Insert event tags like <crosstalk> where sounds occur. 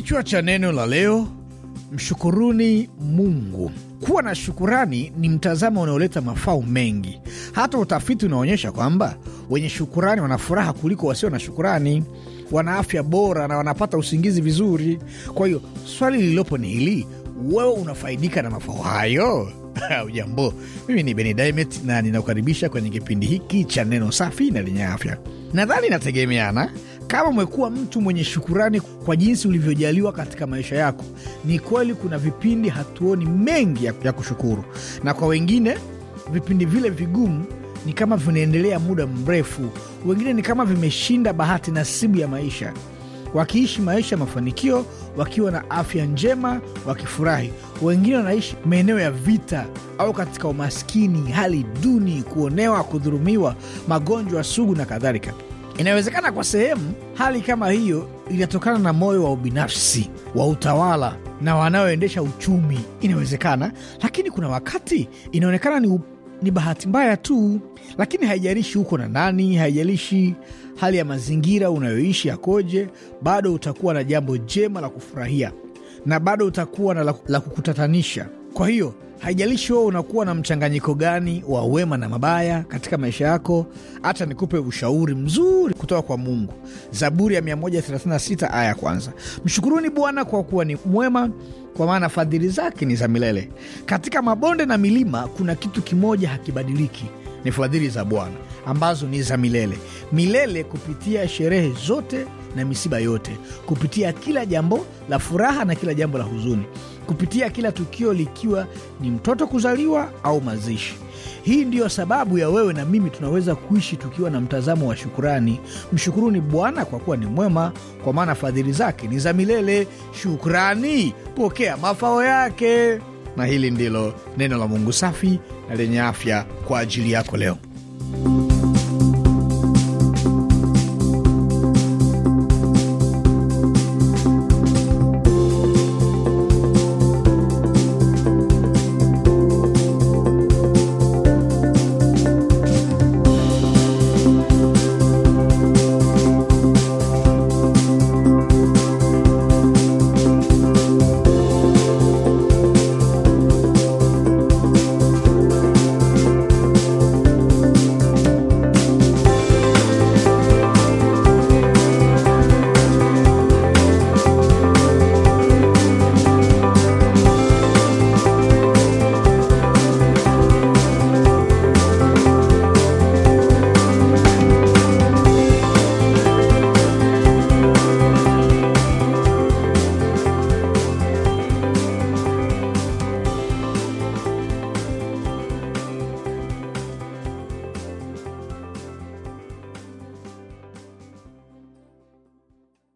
Kichwa cha neno la leo: mshukuruni Mungu. Kuwa na shukurani ni mtazamo unaoleta mafao mengi. Hata utafiti unaonyesha kwamba wenye shukurani wana furaha kuliko wasio na shukurani, wana afya bora na wanapata usingizi vizuri. Kwa hiyo swali lililopo ni hili: wewe unafaidika na mafao hayo? <laughs> Ujambo, mimi ni Beni Dimet na ninakukaribisha kwenye kipindi hiki cha neno safi na lenye afya. Nadhani inategemeana kama umekuwa mtu mwenye shukurani kwa jinsi ulivyojaliwa katika maisha yako, ni kweli kuna vipindi hatuoni mengi ya kushukuru, na kwa wengine vipindi vile vigumu ni kama vinaendelea muda mrefu, wengine ni kama vimeshinda bahati nasibu ya maisha, wakiishi maisha ya mafanikio, wakiwa na afya njema, wakifurahi. Wengine wanaishi maeneo ya vita au katika umaskini, hali duni, kuonewa, kudhulumiwa, magonjwa sugu na kadhalika. Inawezekana kwa sehemu hali kama hiyo inatokana na moyo wa ubinafsi wa utawala na wanaoendesha uchumi. Inawezekana, lakini kuna wakati inaonekana ni, ni bahati mbaya tu, lakini haijalishi uko na nani, haijalishi hali ya mazingira unayoishi yakoje, bado utakuwa na jambo jema la kufurahia na bado utakuwa na la, la kukutatanisha. Kwa hiyo haijalishi wewe unakuwa na mchanganyiko gani wa wema na mabaya katika maisha yako. Hata nikupe ushauri mzuri kutoka kwa Mungu, Zaburi ya 136 aya kwanza: mshukuruni Bwana kwa kuwa ni mwema, kwa maana fadhili zake ni za milele. Katika mabonde na milima kuna kitu kimoja hakibadiliki, ni fadhili za Bwana ambazo ni za milele milele, kupitia sherehe zote na misiba yote, kupitia kila jambo la furaha na kila jambo la huzuni, kupitia kila tukio, likiwa ni mtoto kuzaliwa au mazishi. Hii ndiyo sababu ya wewe na mimi tunaweza kuishi tukiwa na mtazamo wa shukurani. Mshukuruni Bwana kwa kuwa ni mwema, kwa maana fadhili zake ni za milele. Shukrani, pokea mafao yake. Na hili ndilo neno la Mungu safi na lenye afya kwa ajili yako leo.